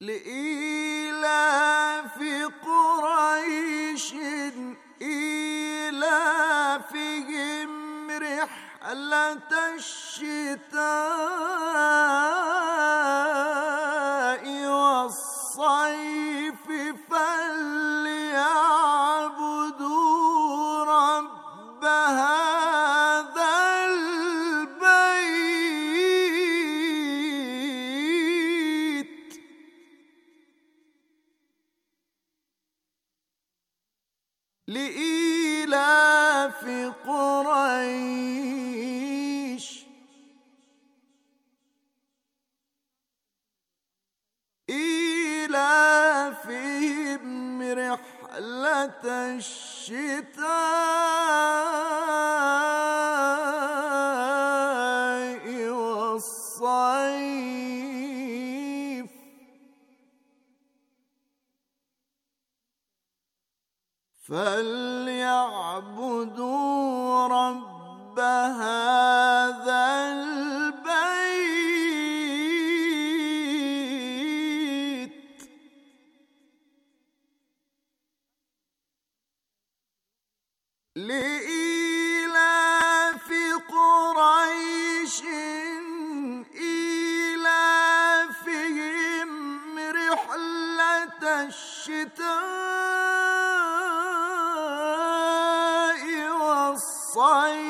لإيلاف قريش إيلافهم رحلة الشتاء والصيف فلي الشتاء والصيف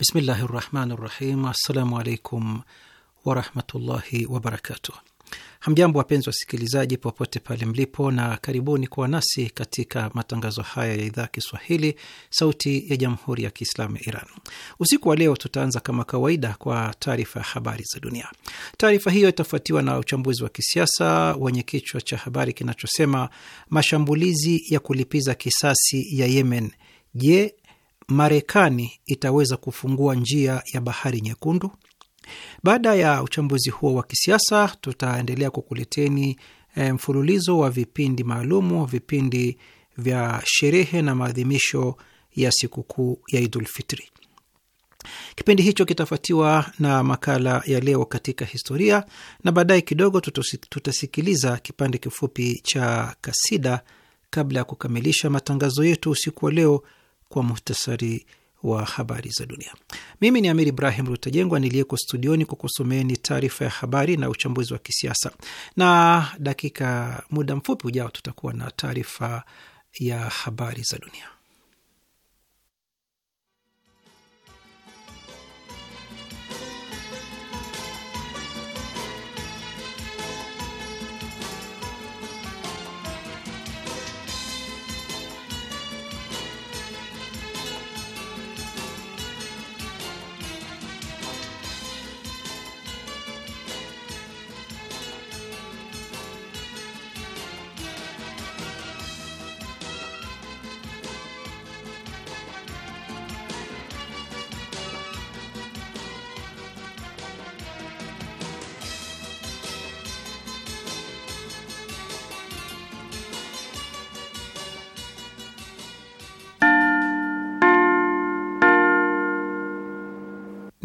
Bismillahi rahmani rahim. Assalamu alaikum warahmatullahi wabarakatuh. Hamjambo wapenzi wasikilizaji, popote pale mlipo, na karibuni kuwa nasi katika matangazo haya ya idhaa Kiswahili sauti ya jamhuri ya Kiislamu ya Iran. Usiku wa leo tutaanza kama kawaida kwa taarifa ya habari za dunia. Taarifa hiyo itafuatiwa na uchambuzi wa kisiasa wenye kichwa cha habari kinachosema mashambulizi ya kulipiza kisasi ya Yemen. Je, Marekani itaweza kufungua njia ya bahari nyekundu. Baada ya uchambuzi huo wa kisiasa, tutaendelea kukuleteni eh, mfululizo wa vipindi maalumu, vipindi vya sherehe na maadhimisho ya sikukuu ya Idulfitri. Kipindi hicho kitafuatiwa na makala ya leo katika historia, na baadaye kidogo tutasikiliza kipande kifupi cha kasida kabla ya kukamilisha matangazo yetu usiku wa leo kwa muhtasari wa habari za dunia. Mimi ni Amir Ibrahim Rutajengwa niliyeko studioni kwa kusomeeni taarifa ya habari na uchambuzi wa kisiasa, na dakika muda mfupi ujao tutakuwa na taarifa ya habari za dunia.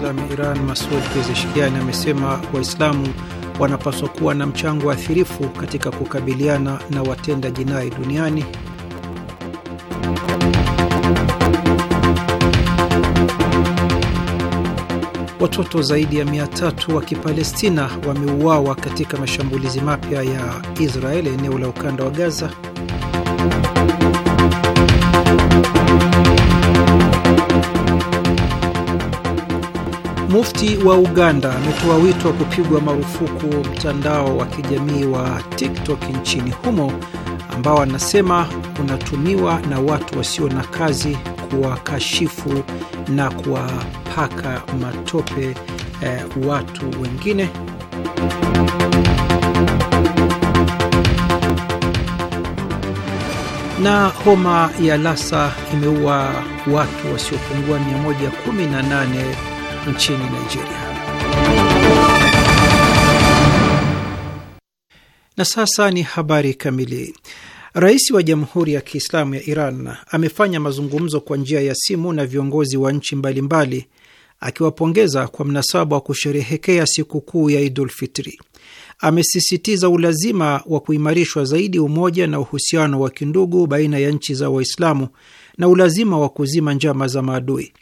Kiislamu Iran Masud Pezeshkiani amesema Waislamu wanapaswa kuwa na mchango athirifu katika kukabiliana na watenda jinai duniani. Watoto zaidi ya mia tatu wa Kipalestina wameuawa katika mashambulizi mapya ya Israeli eneo la ukanda wa Gaza. Mufti wa Uganda ametoa wito wa kupigwa marufuku mtandao wa kijamii wa TikTok nchini humo ambao anasema unatumiwa na watu wasio na kazi kuwakashifu na kuwapaka matope eh, watu wengine. Na homa ya Lassa imeua watu wasiopungua 118 nchini Nigeria. Na sasa ni habari kamili. Rais wa Jamhuri ya Kiislamu ya Iran amefanya mazungumzo kwa njia ya simu na viongozi wa nchi mbalimbali akiwapongeza kwa mnasaba wa kusherehekea sikukuu ya Idul Fitri. Amesisitiza ulazima wa kuimarishwa zaidi umoja na uhusiano wa kindugu baina ya nchi za Waislamu na ulazima wa kuzima njama za maadui.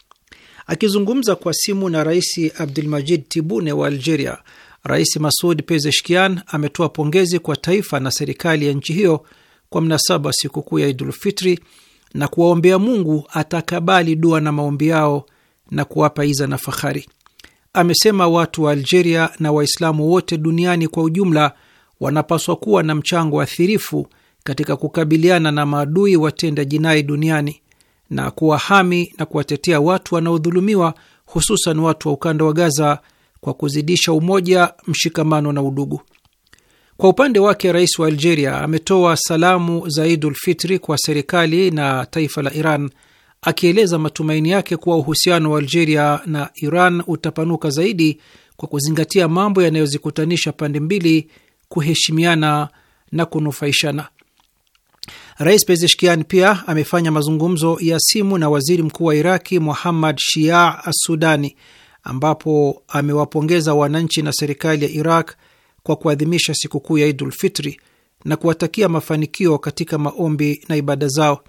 Akizungumza kwa simu na Rais Abdulmajid Tibune wa Algeria, Rais Masud Pezeshkian ametoa pongezi kwa taifa na serikali ya nchi hiyo kwa mnasaba sikukuu ya Idulfitri na kuwaombea Mungu atakabali dua na maombi yao na kuwapa iza na fahari. Amesema watu wa Algeria na Waislamu wote duniani kwa ujumla wanapaswa kuwa na mchango athirifu katika kukabiliana na maadui watenda jinai duniani na kuwahami na kuwatetea watu wanaodhulumiwa, hususan watu wa ukanda wa Gaza kwa kuzidisha umoja, mshikamano na udugu. Kwa upande wake, rais wa Algeria ametoa salamu za Idul Fitri kwa serikali na taifa la Iran akieleza matumaini yake kuwa uhusiano wa Algeria na Iran utapanuka zaidi kwa kuzingatia mambo yanayozikutanisha pande mbili, kuheshimiana na kunufaishana. Rais Pezeshkian pia amefanya mazungumzo ya simu na waziri mkuu wa Iraki Muhammad Shia Assudani, ambapo amewapongeza wananchi na serikali ya Iraq kwa kuadhimisha sikukuu ya Idul Fitri na kuwatakia mafanikio katika maombi na ibada zao.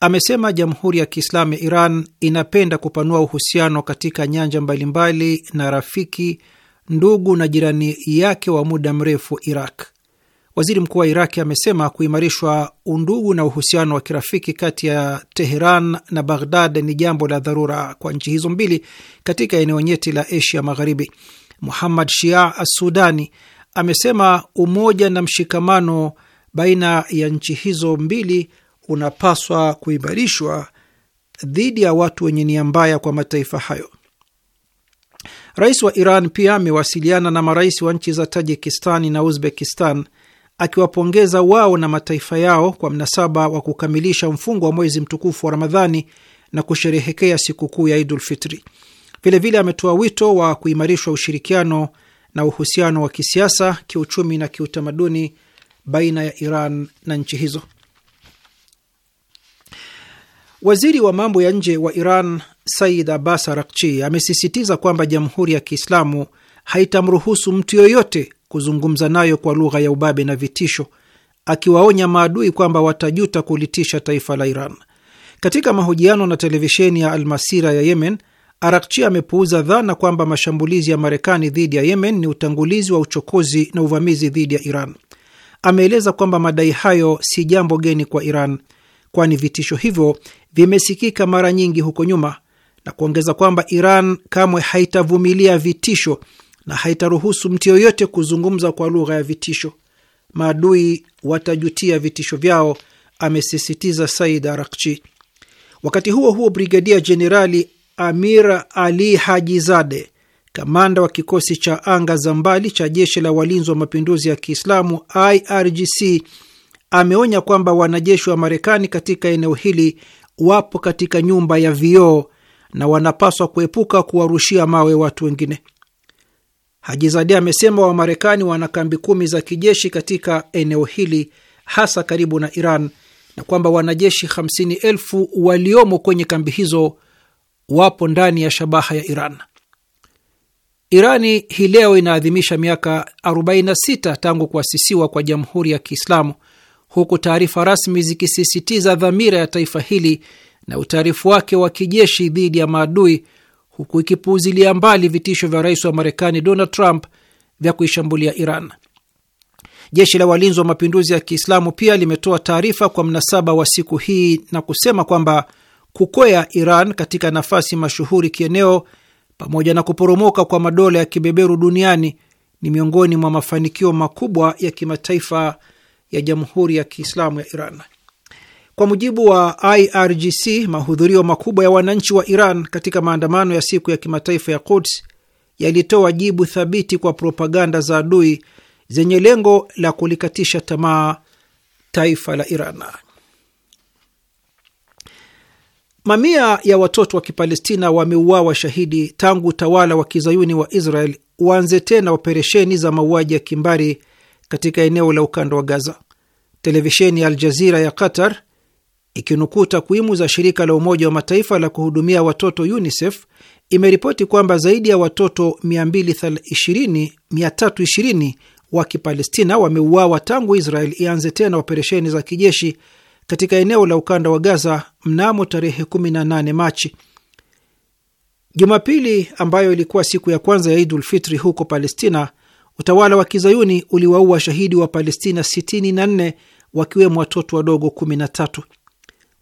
Amesema Jamhuri ya Kiislamu ya Iran inapenda kupanua uhusiano katika nyanja mbalimbali na rafiki, ndugu na jirani yake wa muda mrefu Iraq. Waziri mkuu wa Iraki amesema kuimarishwa undugu na uhusiano wa kirafiki kati ya Teheran na Baghdad ni jambo la dharura kwa nchi hizo mbili katika eneo nyeti la Asia Magharibi. Muhammad Shia Assudani amesema umoja na mshikamano baina ya nchi hizo mbili unapaswa kuimarishwa dhidi ya watu wenye nia mbaya kwa mataifa hayo. Rais wa Iran pia amewasiliana na marais wa nchi za Tajikistani na Uzbekistan akiwapongeza wao na mataifa yao kwa mnasaba wa kukamilisha mfungo wa mwezi mtukufu wa Ramadhani na kusherehekea sikukuu ya Idul Fitri. Vilevile ametoa wito wa kuimarishwa ushirikiano na uhusiano wa kisiasa, kiuchumi na kiutamaduni baina ya Iran na nchi hizo. Waziri wa mambo ya nje wa Iran Said Abbas Arakchi amesisitiza kwamba Jamhuri ya Kiislamu haitamruhusu mtu yoyote kuzungumza nayo kwa lugha ya ubabe na vitisho, akiwaonya maadui kwamba watajuta kulitisha taifa la Iran. Katika mahojiano na televisheni ya Almasira ya Yemen, Arakchi amepuuza dhana kwamba mashambulizi ya Marekani dhidi ya Yemen ni utangulizi wa uchokozi na uvamizi dhidi ya Iran. Ameeleza kwamba madai hayo si jambo geni kwa Iran, kwani vitisho hivyo vimesikika mara nyingi huko nyuma, na kuongeza kwamba Iran kamwe haitavumilia vitisho na haitaruhusu mtu yoyote kuzungumza kwa lugha ya vitisho. Maadui watajutia vitisho vyao, amesisitiza Said Arakchi. Wakati huo huo, Brigadia Jenerali Amir Ali Hajizade, kamanda wa kikosi cha anga za mbali cha jeshi la walinzi wa mapinduzi ya Kiislamu IRGC, ameonya kwamba wanajeshi wa Marekani katika eneo hili wapo katika nyumba ya vioo na wanapaswa kuepuka kuwarushia mawe watu wengine hajizadi amesema Wamarekani wana kambi kumi za kijeshi katika eneo hili hasa karibu na Iran na kwamba wanajeshi hamsini elfu waliomo kwenye kambi hizo wapo ndani ya shabaha ya Iran. Irani hii leo inaadhimisha miaka 46 tangu kuasisiwa kwa Jamhuri ya Kiislamu, huku taarifa rasmi zikisisitiza dhamira ya taifa hili na utaarifu wake wa kijeshi dhidi ya maadui huku ikipuuzilia mbali vitisho vya rais wa Marekani Donald Trump vya kuishambulia Iran. Jeshi la walinzi wa mapinduzi ya Kiislamu pia limetoa taarifa kwa mnasaba wa siku hii na kusema kwamba kukwea Iran katika nafasi mashuhuri kieneo pamoja na kuporomoka kwa madola ya kibeberu duniani ni miongoni mwa mafanikio makubwa ya kimataifa ya Jamhuri ya Kiislamu ya Iran. Kwa mujibu wa IRGC, mahudhurio makubwa ya wananchi wa Iran katika maandamano ya siku ya kimataifa ya Quds yalitoa jibu thabiti kwa propaganda za adui zenye lengo la kulikatisha tamaa taifa la Iran. Mamia ya watoto wa Kipalestina wameuawa shahidi tangu utawala wa kizayuni wa Israel uanze tena operesheni za mauaji ya kimbari katika eneo la ukanda wa Gaza. Televisheni ya Aljazira ya Qatar Ikinukuu takwimu za shirika la Umoja wa Mataifa la kuhudumia watoto UNICEF imeripoti kwamba zaidi ya watoto 320 wa Kipalestina wameuawa tangu Israel ianze tena operesheni za kijeshi katika eneo la ukanda wa Gaza mnamo tarehe 18 Machi. Jumapili ambayo ilikuwa siku ya kwanza ya Idul Fitri huko Palestina, utawala wa kizayuni uliwaua shahidi wa Palestina 64 wakiwemo watoto wadogo 13.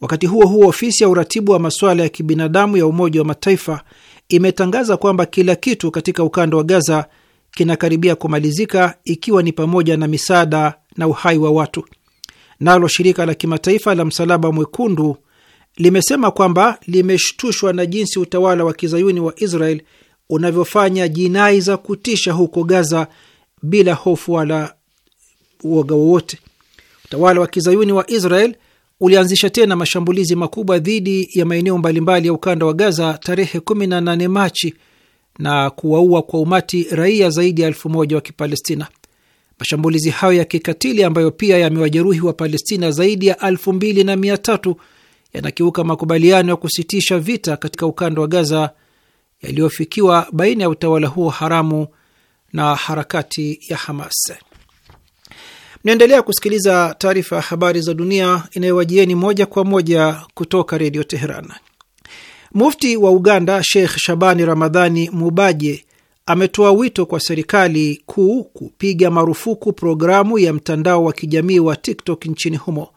Wakati huo huo, ofisi ya uratibu wa masuala ya kibinadamu ya Umoja wa Mataifa imetangaza kwamba kila kitu katika ukanda wa Gaza kinakaribia kumalizika ikiwa ni pamoja na misaada na uhai wa watu. Nalo shirika la kimataifa la Msalaba Mwekundu limesema kwamba limeshtushwa na jinsi utawala wa kizayuni wa Israel unavyofanya jinai za kutisha huko Gaza bila hofu wala uoga wowote. Utawala wa kizayuni wa Israel ulianzisha tena mashambulizi makubwa dhidi ya maeneo mbalimbali ya ukanda wa Gaza tarehe 18 Machi na kuwaua kwa umati raia zaidi ya elfu moja wa Kipalestina. Mashambulizi hayo ya kikatili ambayo pia yamewajeruhi wa Palestina zaidi ya elfu mbili na mia tatu yanakiuka makubaliano ya kusitisha vita katika ukanda wa Gaza yaliyofikiwa baina ya utawala huo haramu na harakati ya Hamas. Mnaendelea kusikiliza taarifa ya habari za dunia inayowajieni moja kwa moja kutoka redio Teheran. Mufti wa Uganda Sheikh Shabani Ramadhani Mubaje ametoa wito kwa serikali kuu kupiga marufuku programu ya mtandao wa kijamii wa TikTok nchini humo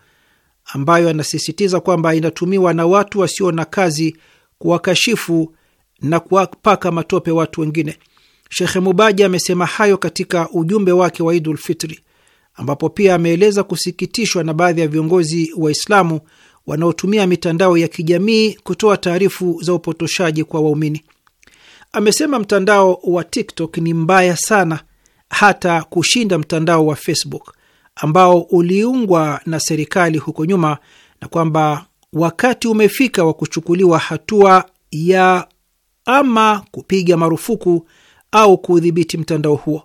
ambayo anasisitiza kwamba inatumiwa na watu wasio na kazi kuwakashifu na kuwapaka matope watu wengine. Shekhe Mubaji amesema hayo katika ujumbe wake wa Idul Fitri ambapo pia ameeleza kusikitishwa na baadhi ya viongozi Waislamu wanaotumia mitandao ya kijamii kutoa taarifu za upotoshaji kwa waumini. Amesema mtandao wa TikTok ni mbaya sana, hata kushinda mtandao wa Facebook ambao uliungwa na serikali huko nyuma, na kwamba wakati umefika wa kuchukuliwa hatua ya ama kupiga marufuku au kuudhibiti mtandao huo.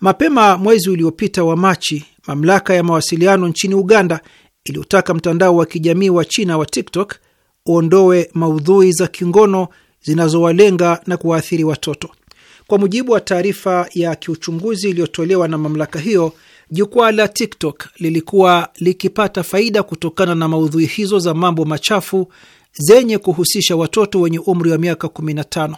Mapema mwezi uliopita wa Machi, mamlaka ya mawasiliano nchini Uganda iliyotaka mtandao wa kijamii wa China wa TikTok uondoe maudhui za kingono zinazowalenga na kuwaathiri watoto. Kwa mujibu wa taarifa ya kiuchunguzi iliyotolewa na mamlaka hiyo, jukwaa la TikTok lilikuwa likipata faida kutokana na maudhui hizo za mambo machafu zenye kuhusisha watoto wenye umri wa miaka 15.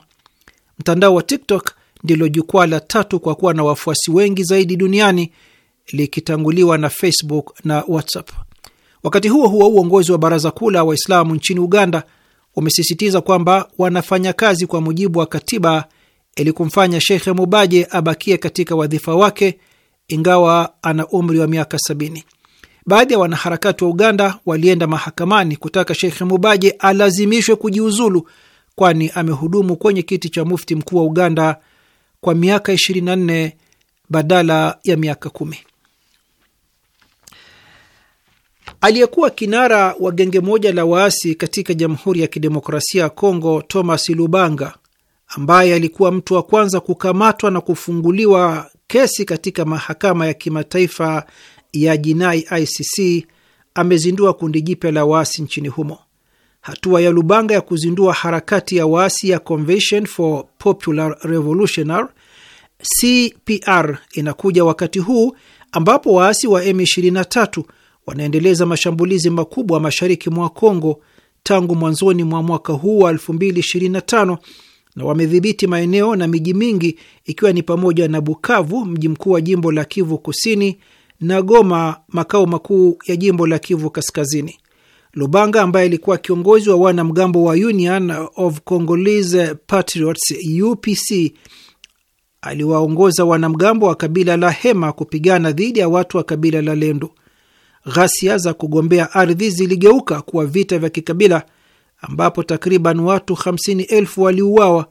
Mtandao wa TikTok ndilo jukwaa la tatu kwa kuwa na wafuasi wengi zaidi duniani likitanguliwa na Facebook na WhatsApp. Wakati huo huo, uongozi wa Baraza Kuu la Waislamu nchini Uganda umesisitiza kwamba wanafanya kazi kwa mujibu wa katiba ili kumfanya Shekhe Mubaje abakie katika wadhifa wake ingawa ana umri wa miaka sabini. Baadhi ya wanaharakati wa Uganda walienda mahakamani kutaka Shekhe Mubaje alazimishwe kujiuzulu, kwani amehudumu kwenye kiti cha mufti mkuu wa Uganda kwa miaka 24 badala ya miaka kumi. Aliyekuwa kinara wa genge moja la waasi katika Jamhuri ya Kidemokrasia ya Kongo, Thomas Lubanga, ambaye alikuwa mtu wa kwanza kukamatwa na kufunguliwa kesi katika mahakama ya kimataifa ya jinai ICC, amezindua kundi jipya la waasi nchini humo. Hatua ya Lubanga ya kuzindua harakati ya waasi ya Convention for Popular Revolutionary CPR inakuja wakati huu ambapo waasi wa M23 wanaendeleza mashambulizi makubwa mashariki mwa Kongo tangu mwanzoni mwa mwaka huu wa 2025 na wamedhibiti maeneo na miji mingi ikiwa ni pamoja na Bukavu, mji mkuu wa jimbo la Kivu Kusini, na Goma, makao makuu ya jimbo la Kivu Kaskazini. Lubanga ambaye alikuwa kiongozi wa wanamgambo wa Union of Congolese Patriots UPC aliwaongoza wanamgambo wa kabila la Hema kupigana dhidi ya watu wa kabila la lendo Ghasia za kugombea ardhi ziligeuka kuwa vita vya kikabila ambapo takriban watu hamsini waliuawa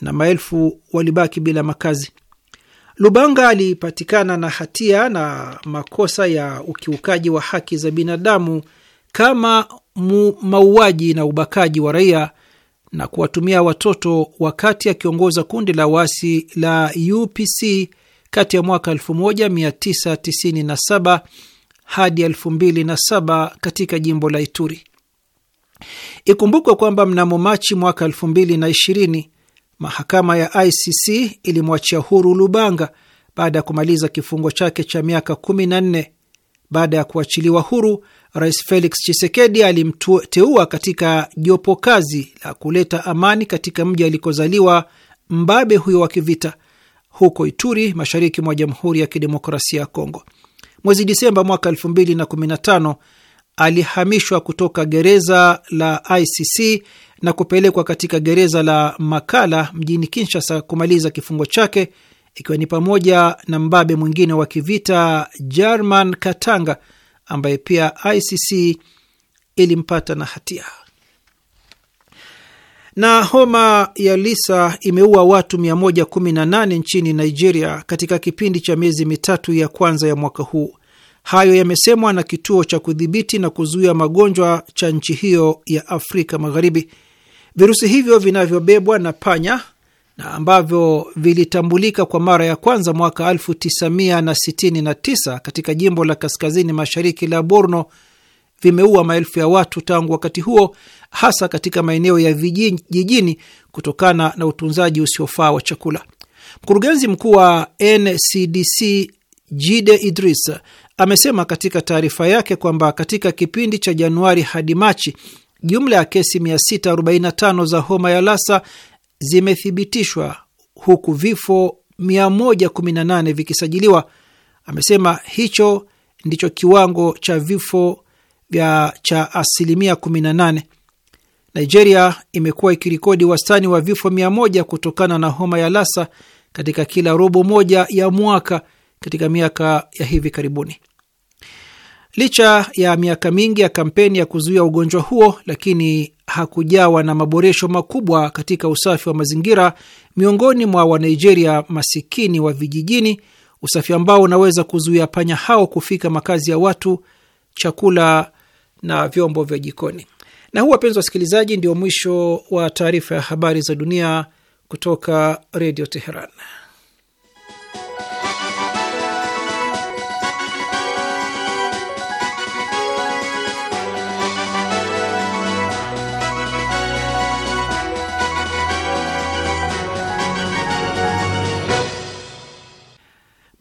na maelfu walibaki bila makazi. Lubanga alipatikana na hatia na makosa ya ukiukaji wa haki za binadamu kama mauaji na ubakaji wa raia na kuwatumia watoto wakati akiongoza kundi la wasi la UPC kati ya mwaka 1997 hadi 2007 katika jimbo la Ituri. Ikumbukwe kwamba mnamo Machi mwaka 2020 mahakama ya ICC ilimwachia huru Lubanga baada ya kumaliza kifungo chake cha miaka 14 baada ya kuachiliwa huru, Rais Felix chisekedi alimteua katika jopo kazi la kuleta amani katika mji alikozaliwa mbabe huyo wa kivita huko Ituri, mashariki mwa Jamhuri ya Kidemokrasia ya Kongo. Mwezi Disemba mwaka 2015 alihamishwa kutoka gereza la ICC na kupelekwa katika gereza la Makala mjini Kinshasa kumaliza kifungo chake ikiwa ni pamoja na mbabe mwingine wa kivita German Katanga ambaye pia ICC ilimpata na hatia. Na homa ya Lisa imeua watu 118 nchini Nigeria katika kipindi cha miezi mitatu ya kwanza ya mwaka huu. Hayo yamesemwa na kituo cha kudhibiti na kuzuia magonjwa cha nchi hiyo ya Afrika Magharibi. Virusi hivyo vinavyobebwa na panya na ambavyo vilitambulika kwa mara ya kwanza mwaka 1969 katika jimbo la kaskazini mashariki la Borno vimeua maelfu ya watu tangu wakati huo, hasa katika maeneo ya vijijini kutokana na utunzaji usiofaa wa chakula. Mkurugenzi mkuu wa NCDC Jide Idris amesema katika taarifa yake kwamba katika kipindi cha Januari hadi Machi, jumla ya kesi 645 za homa ya Lassa zimethibitishwa huku vifo 118 vikisajiliwa. Amesema hicho ndicho kiwango cha vifo vya cha asilimia 18. Nigeria imekuwa ikirikodi wastani wa vifo 100 kutokana na homa ya Lassa katika kila robo moja ya mwaka katika miaka ya hivi karibuni. Licha ya miaka mingi ya kampeni ya kuzuia ugonjwa huo, lakini hakujawa na maboresho makubwa katika usafi wa mazingira miongoni mwa Wanigeria masikini wa vijijini, usafi ambao unaweza kuzuia panya hao kufika makazi ya watu, chakula na vyombo vya jikoni. Na huu, wapenzi wasikilizaji, ndio mwisho wa taarifa ya habari za dunia kutoka Redio Teheran.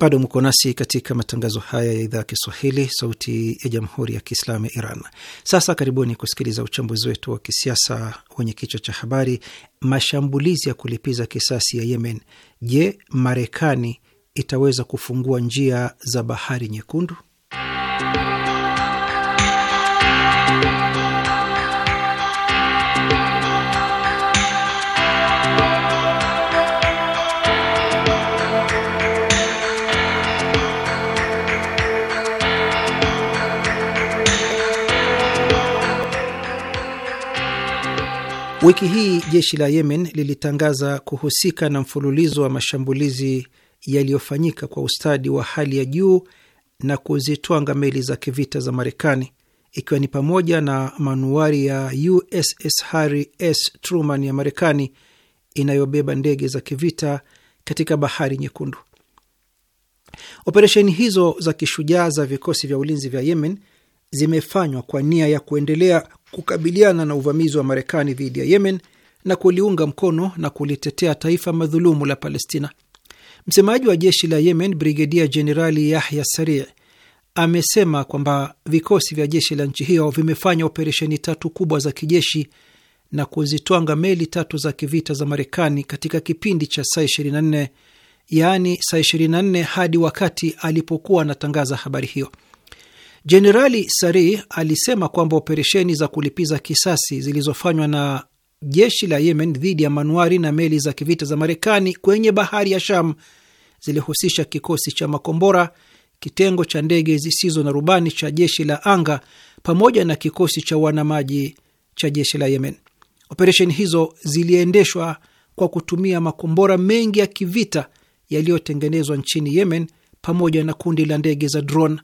Bado mko nasi katika matangazo haya ya idhaa ya Kiswahili, sauti ya jamhuri ya kiislamu ya Iran. Sasa karibuni kusikiliza uchambuzi wetu wa kisiasa wenye kichwa cha habari, mashambulizi ya kulipiza kisasi ya Yemen. Je, Marekani itaweza kufungua njia za bahari nyekundu? Wiki hii jeshi la Yemen lilitangaza kuhusika na mfululizo wa mashambulizi yaliyofanyika kwa ustadi wa hali ya juu na kuzitwanga meli za kivita za Marekani ikiwa ni pamoja na manuari ya USS Harry S Truman ya Marekani inayobeba ndege za kivita katika Bahari Nyekundu. Operesheni hizo za kishujaa za vikosi vya ulinzi vya Yemen zimefanywa kwa nia ya kuendelea kukabiliana na uvamizi wa Marekani dhidi ya Yemen na kuliunga mkono na kulitetea taifa madhulumu la Palestina. Msemaji wa jeshi la Yemen, Brigedia Jenerali Yahya Sari, amesema kwamba vikosi vya jeshi la nchi hiyo vimefanya operesheni tatu kubwa za kijeshi na kuzitwanga meli tatu za kivita za Marekani katika kipindi cha saa 24 yaani saa 24 hadi wakati alipokuwa anatangaza habari hiyo. Jenerali Sari alisema kwamba operesheni za kulipiza kisasi zilizofanywa na jeshi la Yemen dhidi ya manuari na meli za kivita za Marekani kwenye bahari ya Sham zilihusisha kikosi cha makombora, kitengo cha ndege zisizo na rubani cha jeshi la anga pamoja na kikosi cha wanamaji cha jeshi la Yemen. Operesheni hizo ziliendeshwa kwa kutumia makombora mengi ya kivita yaliyotengenezwa nchini Yemen pamoja na kundi la ndege za drone.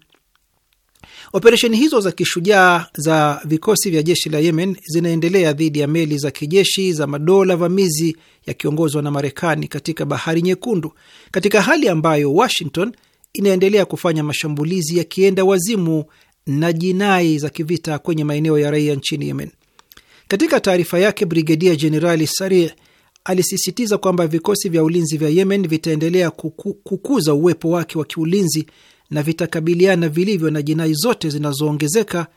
Operesheni hizo za kishujaa za vikosi vya jeshi la Yemen zinaendelea dhidi ya meli za kijeshi za madola vamizi yakiongozwa na Marekani katika Bahari Nyekundu, katika hali ambayo Washington inaendelea kufanya mashambulizi ya kienda wazimu na jinai za kivita kwenye maeneo ya raia nchini Yemen. Katika taarifa yake, Brigedia Jenerali Sari alisisitiza kwamba vikosi vya ulinzi vya Yemen vitaendelea kuku, kukuza uwepo wake wa kiulinzi na vitakabiliana vilivyo na jinai zote zinazoongezeka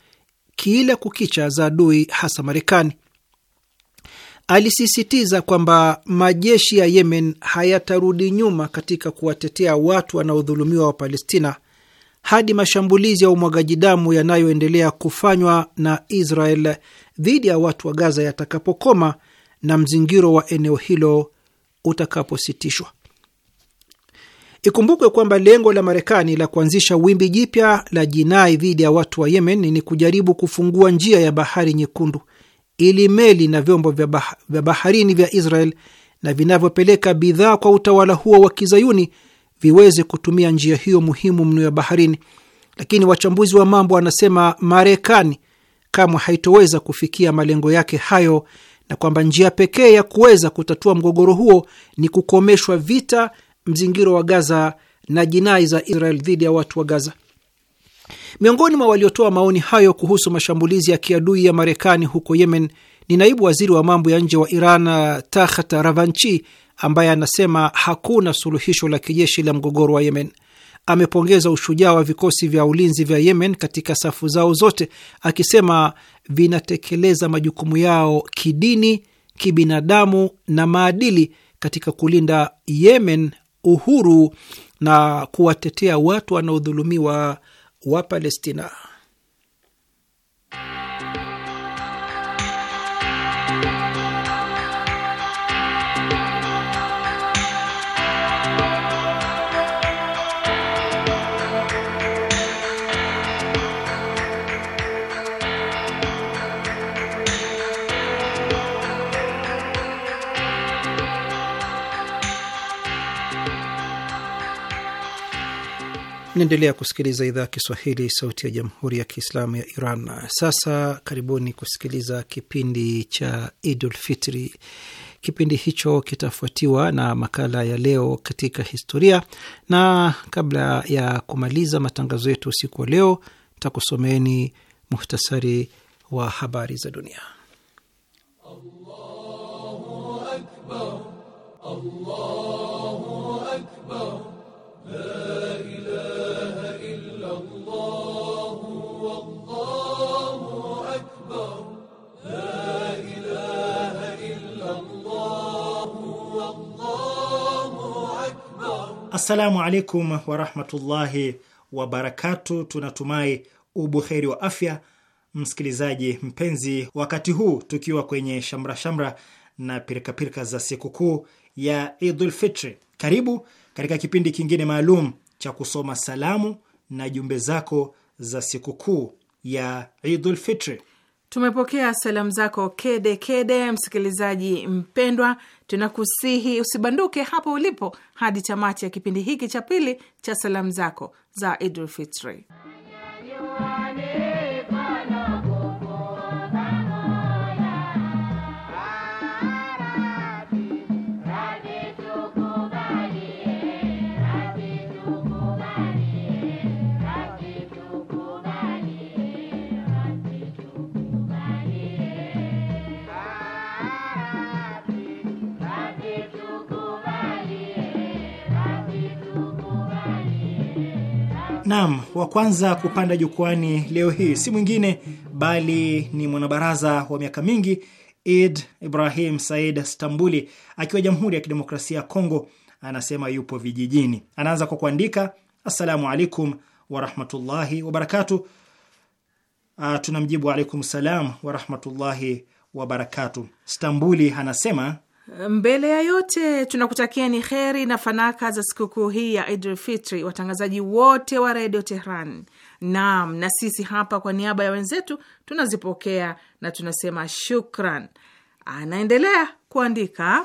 kila kukicha za adui, hasa Marekani. Alisisitiza kwamba majeshi ya Yemen hayatarudi nyuma katika kuwatetea watu wanaodhulumiwa wa Palestina hadi mashambulizi ya umwagaji damu yanayoendelea kufanywa na Israel dhidi ya watu wa Gaza yatakapokoma na mzingiro wa eneo hilo utakapositishwa. Ikumbukwe kwamba lengo la Marekani la kuanzisha wimbi jipya la jinai dhidi ya watu wa Yemen ni kujaribu kufungua njia ya Bahari Nyekundu ili meli na vyombo vya, bah vya baharini vya Israel na vinavyopeleka bidhaa kwa utawala huo wa kizayuni viweze kutumia njia hiyo muhimu mno ya baharini. Lakini wachambuzi wa mambo wanasema Marekani kamwe haitoweza kufikia malengo yake hayo na kwamba njia pekee ya kuweza kutatua mgogoro huo ni kukomeshwa vita mzingiro wa Gaza na jinai za Israel dhidi ya watu wa Gaza. Miongoni mwa waliotoa maoni hayo kuhusu mashambulizi ya kiadui ya Marekani huko Yemen ni naibu waziri wa mambo ya nje wa Iran Takht Ravanchi, ambaye anasema hakuna suluhisho la kijeshi la mgogoro wa Yemen. Amepongeza ushujaa wa vikosi vya ulinzi vya Yemen katika safu zao zote, akisema vinatekeleza majukumu yao kidini, kibinadamu na maadili katika kulinda Yemen uhuru na kuwatetea watu wanaodhulumiwa wa Palestina. Mnaendelea kusikiliza idhaa ya Kiswahili, sauti ya jamhuri ya kiislamu ya Iran. Sasa karibuni kusikiliza kipindi cha Idul Fitri. Kipindi hicho kitafuatiwa na makala ya leo katika historia, na kabla ya kumaliza matangazo yetu usiku wa leo, takusomeeni muhtasari wa habari za dunia. Allahu Akbar, Allahu Akbar. Assalamu alaikum warahmatullahi wabarakatu. Tunatumai ubuheri wa afya, msikilizaji mpenzi, wakati huu tukiwa kwenye shamrashamra -shamra na pirikapirika za sikukuu ya Idul Fitri. Karibu katika kipindi kingine maalum cha kusoma salamu na jumbe zako za sikukuu ya Idul Fitri. Tumepokea salamu zako kede kede, msikilizaji mpendwa. Tunakusihi usibanduke hapo ulipo hadi tamati ya kipindi hiki cha pili cha salamu zako za Idul Fitri. Naam, wa kwanza kupanda jukwani leo hii si mwingine bali ni mwanabaraza wa miaka mingi Eid Ibrahim Said Stambuli akiwa Jamhuri ya Kidemokrasia ya Kongo. Anasema yupo vijijini. Anaanza kwa kuandika assalamu alaikum warahmatullahi wabarakatu. Ah, tunamjibu alaikum salam warahmatullahi wabarakatu. Stambuli anasema mbele ya yote tunakutakia ni kheri na fanaka za sikukuu hii ya Idul Fitri, watangazaji wote wa redio Tehran. Naam, na sisi hapa kwa niaba ya wenzetu tunazipokea na tunasema shukran. Anaendelea kuandika,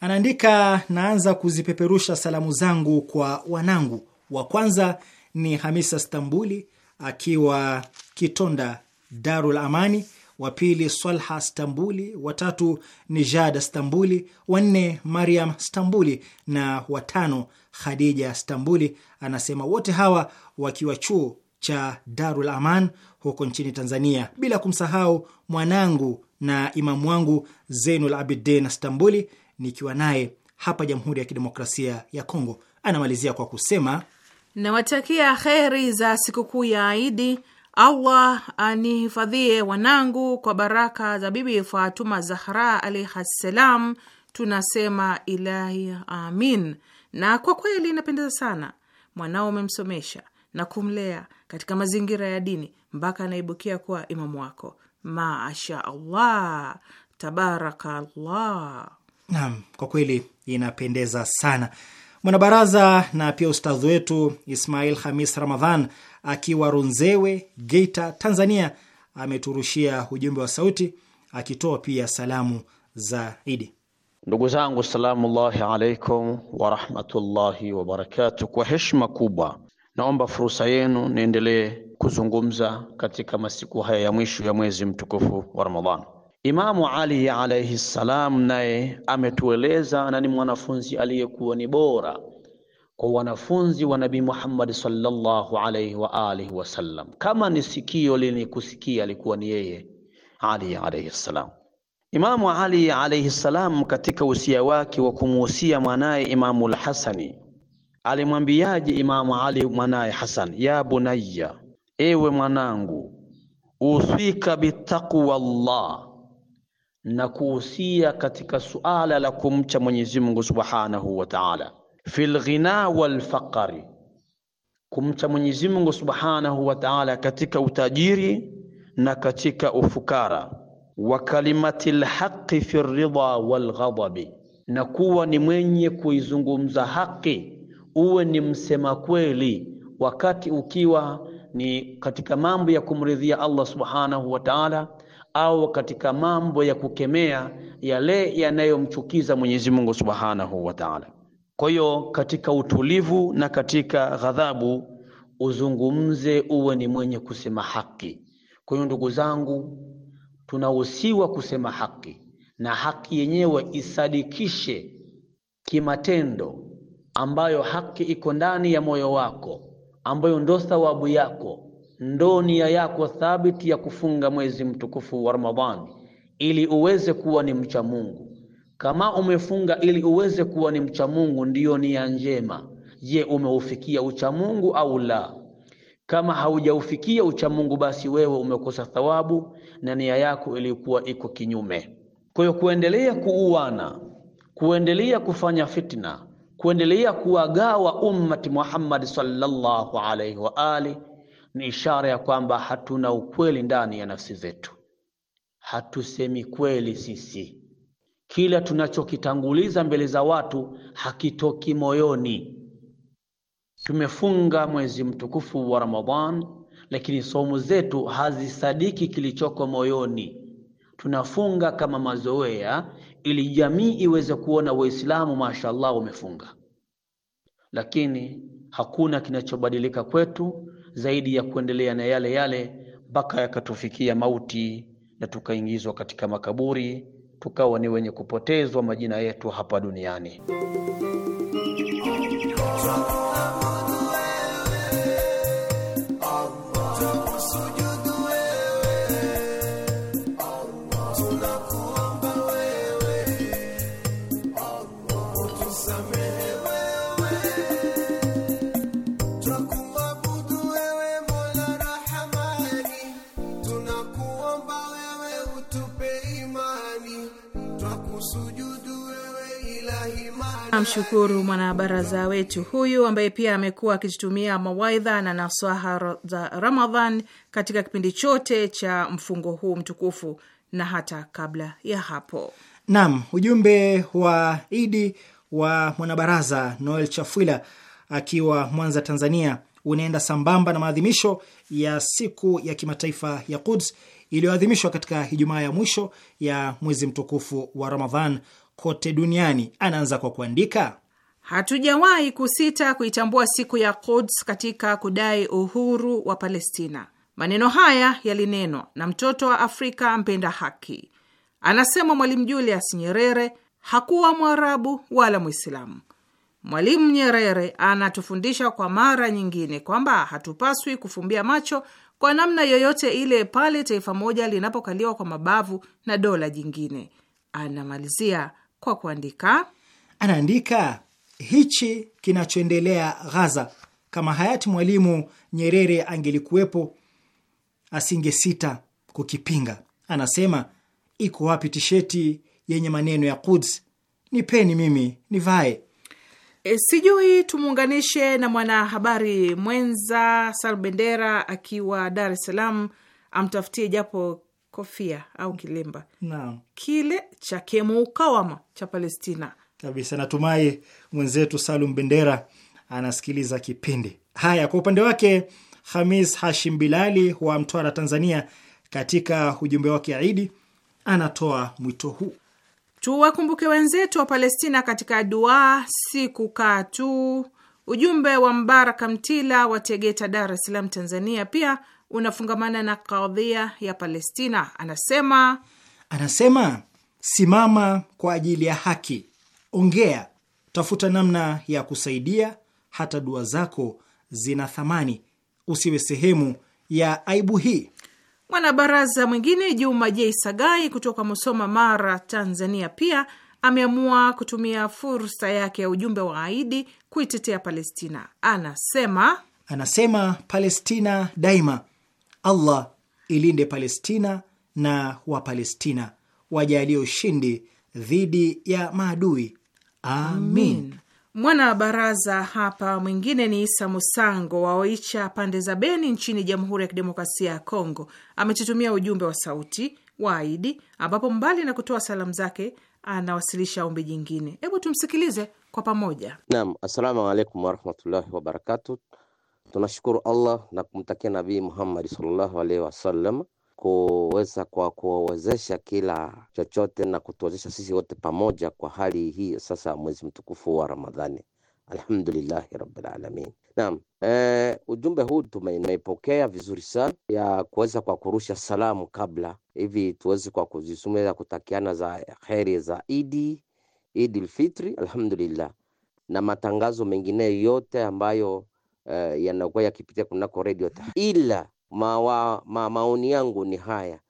anaandika, naanza kuzipeperusha salamu zangu kwa wanangu. Wa kwanza ni Hamisa Stambuli akiwa Kitonda, Darul Amani wa pili Swalha Stambuli, watatu Nijada Stambuli, wanne Mariam Stambuli na watano Khadija Stambuli. Anasema wote hawa wakiwa chuo cha Darul Aman huko nchini Tanzania, bila kumsahau mwanangu na imamu wangu Zeinul Abidin Stambuli nikiwa naye hapa Jamhuri ya Kidemokrasia ya Kongo. Anamalizia kwa kusema nawatakia heri za sikukuu ya Aidi Allah anihifadhie ah, wanangu kwa baraka za Bibi Fatuma Zahra alaihi ssalam. Tunasema ilahi amin. Na kwa kweli inapendeza sana, mwanao umemsomesha na kumlea katika mazingira ya dini mpaka anaibukia kuwa imamu wako. Masha Allah, tabaraka Allah. Naam, kwa kweli inapendeza sana. Mwanabaraza na pia ustadhi wetu Ismail Hamis Ramadhan akiwa Runzewe, Geita, Tanzania, ameturushia ujumbe wa sauti akitoa pia salamu za Idi. Ndugu zangu, salamullahi alaikum warahmatullahi wabarakatu Kwa heshima kubwa naomba fursa yenu niendelee kuzungumza katika masiku haya ya mwisho ya mwezi mtukufu wa Ramadhani. Imamu Ali alayhi salam naye ametueleza na ni mwanafunzi aliyekuwa ni bora kwa wanafunzi wa Nabii Muhammad sallallahu alayhi wa alihi wasallam, kama ni sikio lini kusikia alikuwa ni yeye Ali alayhi salam. Imamu Ali alayhi salam katika usia wake wa kumuhusia mwanaye Imamu al alimwambiaje Imamu Ali mwanaye Hasan, ya bunayya, ewe mwanangu, usika bitaqwa Allah na kuhusia katika suala la kumcha Mwenyezi Mungu Subhanahu wa Ta'ala, fil ghina wal faqri, kumcha Mwenyezi Mungu Subhanahu wa Ta'ala katika utajiri na katika ufukara, wa kalimatil haqqi fir ridha wal ghadabi, na kuwa ni mwenye kuizungumza haki, uwe ni msema kweli wakati ukiwa ni katika mambo ya kumridhia Allah Subhanahu wa Ta'ala au katika mambo ya kukemea yale yanayomchukiza Mwenyezi Mungu Subhanahu wa Ta'ala. Kwa hiyo katika utulivu na katika ghadhabu uzungumze, uwe ni mwenye kusema haki. Kwa hiyo ndugu zangu, tunahusiwa kusema haki na haki yenyewe isadikishe kimatendo, ambayo haki iko ndani ya moyo wako, ambayo ndo thawabu yako ndo nia yako thabiti ya kufunga mwezi mtukufu wa Ramadhani ili uweze kuwa ni mcha Mungu. Kama umefunga ili uweze kuwa ni mcha Mungu, ndiyo nia njema. Je, umeufikia ucha Mungu au la? Kama haujaufikia ucha Mungu, basi wewe umekosa thawabu na nia yako ilikuwa iko kinyume. Kwa hiyo kuendelea kuuana, kuendelea kufanya fitna, kuendelea kuwagawa ummati Muhammad sallallahu alaihi wa ali ni ishara ya kwamba hatuna ukweli ndani ya nafsi zetu, hatusemi kweli sisi. Kila tunachokitanguliza mbele za watu hakitoki moyoni. Tumefunga mwezi mtukufu wa Ramadhan, lakini somo zetu hazisadiki kilichoko moyoni. Tunafunga kama mazoea ili jamii iweze kuona Waislamu mashallah wamefunga, lakini hakuna kinachobadilika kwetu zaidi ya kuendelea na yale yale mpaka yakatufikia mauti na tukaingizwa katika makaburi tukawa ni wenye kupotezwa majina yetu hapa duniani. tunamshukuru mwanabaraza wetu huyu ambaye pia amekuwa akitutumia mawaidha na nasaha za Ramadhan katika kipindi chote cha mfungo huu mtukufu na hata kabla ya hapo. Naam, ujumbe wa Idi wa mwanabaraza Noel Chafwila akiwa Mwanza, Tanzania, unaenda sambamba na maadhimisho ya siku ya kimataifa ya Quds iliyoadhimishwa katika Ijumaa ya mwisho ya mwezi mtukufu wa Ramadhan kote duniani. Anaanza kwa kuandika, hatujawahi kusita kuitambua siku ya Quds katika kudai uhuru wa Palestina. Maneno haya yalinenwa na mtoto wa Afrika mpenda haki, anasema Mwalimu Julius Nyerere hakuwa Mwarabu wala Mwislamu. Mwalimu Nyerere anatufundisha kwa mara nyingine kwamba hatupaswi kufumbia macho kwa namna yoyote ile pale taifa moja linapokaliwa kwa mabavu na dola jingine. Anamalizia kwa kuandika, anaandika hichi kinachoendelea Ghaza, kama hayati Mwalimu Nyerere angelikuwepo asingesita kukipinga. Anasema, iko wapi tisheti yenye maneno ya Quds? Nipeni mimi nivae. E, sijui tumuunganishe na mwanahabari mwenza Sal Bendera akiwa Dar es Salaam, amtafutie japo kofia au kilemba na kile cha kemoukawama cha Palestina kabisa. Natumai mwenzetu Salum Bendera anasikiliza kipindi. Haya, kwa upande wake Hamis Hashim Bilali wa Mtwara, Tanzania, katika ujumbe wake Aidi anatoa mwito huu: tuwakumbuke wenzetu wa Palestina katika dua, si kukaa tu. Ujumbe wa Mbaraka Mtila wa Tegeta, Dar es Salaam, Tanzania, pia unafungamana na kadhia ya Palestina. Anasema, anasema simama kwa ajili ya haki, ongea, tafuta namna ya kusaidia. Hata dua zako zina thamani, usiwe sehemu ya aibu hii. Mwanabaraza mwingine Juma Jei Sagai kutoka Musoma, Mara, Tanzania, pia ameamua kutumia fursa yake ya ujumbe wa Aidi kuitetea Palestina. Anasema anasema Palestina daima Allah ilinde Palestina na Wapalestina, wajalie ushindi dhidi ya maadui. Amin. Mwana wa baraza hapa mwingine ni Isa Musango wa Oicha, pande za Beni, nchini Jamhuri ya Kidemokrasia ya Kongo. Ametutumia ujumbe wa sauti wa Aidi, ambapo mbali na kutoa salamu zake anawasilisha ombi jingine. Hebu tumsikilize kwa pamoja. Naam, assalamu alaikum warahmatullahi wabarakatu. Tunashukuru Allah na kumtakia Nabii Muhammad sallallahu alaihi wasallam kuweza kwa kuwawezesha kila chochote na kutuwezesha sisi wote pamoja kwa hali hii sasa mwezi mtukufu wa Ramadhani. Alhamdulillahi rabbil alamin. Naam, e, ujumbe huu tumeipokea vizuri sana ya kuweza kwa kurusha salamu kabla hivi tuweze kwa kuzisumia kutakiana za kheri za Idi Idil Fitri, alhamdulillah na matangazo mengine yote ambayo uh, yanakuwa yakipitia kunako redio. Ila mawa, ma, maoni yangu ni haya,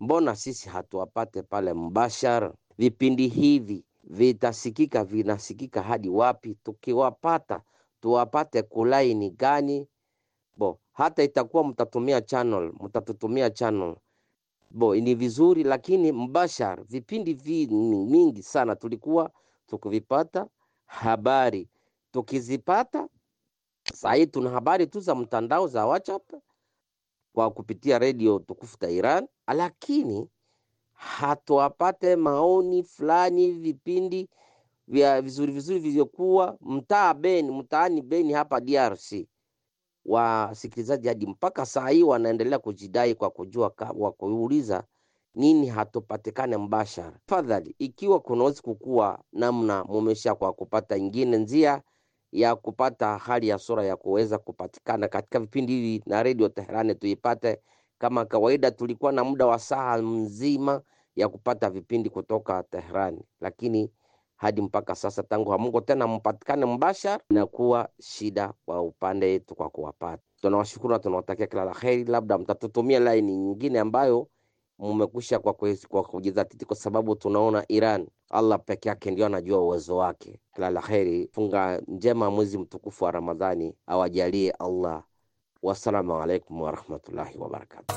mbona sisi hatuwapate pale mbashara? Vipindi hivi vitasikika vinasikika hadi wapi? Tukiwapata tuwapate kulaini gani? Bo hata itakuwa mtatumia channel, mtatutumia channel bo ni vizuri, lakini mbashara vipindi vi mingi sana tulikuwa tukivipata habari tukizipata sahii hii tuna habari tu za mtandao za WhatsApp kwa kupitia redio tukufu ta Iran, lakini hatuwapate maoni fulani, vipindi vya vizuri vizuri vilivyokuwa mtaa ben mtaani Beni hapa DRC. Wasikilizaji hadi mpaka saa hii wanaendelea kujidai kwa kujua kwa kuuliza nini hatupatikane mbashara. fadhali ikiwa kunaweza kukuwa namna mumesha kwa kupata ingine njia ya kupata hali ya sura ya kuweza kupatikana katika vipindi hivi na redio Teherani tuipate. Kama kawaida, tulikuwa na muda wa saa mzima ya kupata vipindi kutoka Teherani, lakini hadi mpaka sasa tangu hamungo tena mpatikane mbashara, inakuwa shida kwa upande wetu kwa kuwapata. Tunawashukuru na tunawatakia kila la heri, labda mtatutumia laini nyingine ambayo mmekwisha kwa, kwa titi kwa sababu tunaona Iran, Allah peke yake ndio anajua uwezo wake. Kila la heri, funga njema mwezi mtukufu wa Ramadhani awajalie Allah. Wassalamu alaikum warahmatullahi wabarakatuh.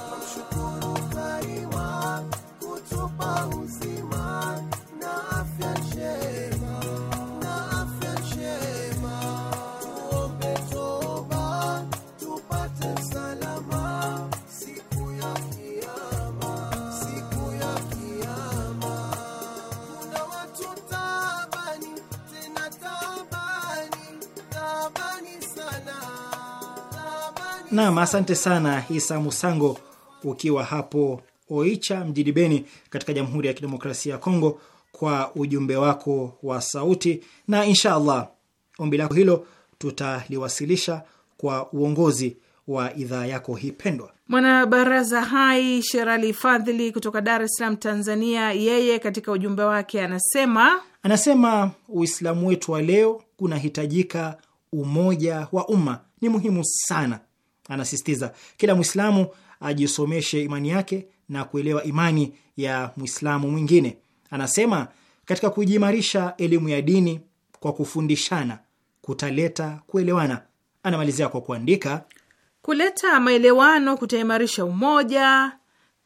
Nam, asante sana Isa Musango ukiwa hapo Oicha mjini Beni katika Jamhuri ya Kidemokrasia ya Kongo kwa ujumbe wako wa sauti, na insha allah ombi lako hilo tutaliwasilisha kwa uongozi wa idhaa yako hii pendwa. Mwanabaraza hai Sherali Fadhili kutoka Dar es Salaam, Tanzania, yeye katika ujumbe wake anasema anasema Uislamu wetu wa leo kunahitajika umoja wa umma, ni muhimu sana Anasisitiza kila Mwislamu ajisomeshe imani yake na kuelewa imani ya Mwislamu mwingine. Anasema katika kujiimarisha elimu ya dini kwa kufundishana kutaleta kuelewana. Anamalizia kwa kuandika, kuleta maelewano kutaimarisha umoja,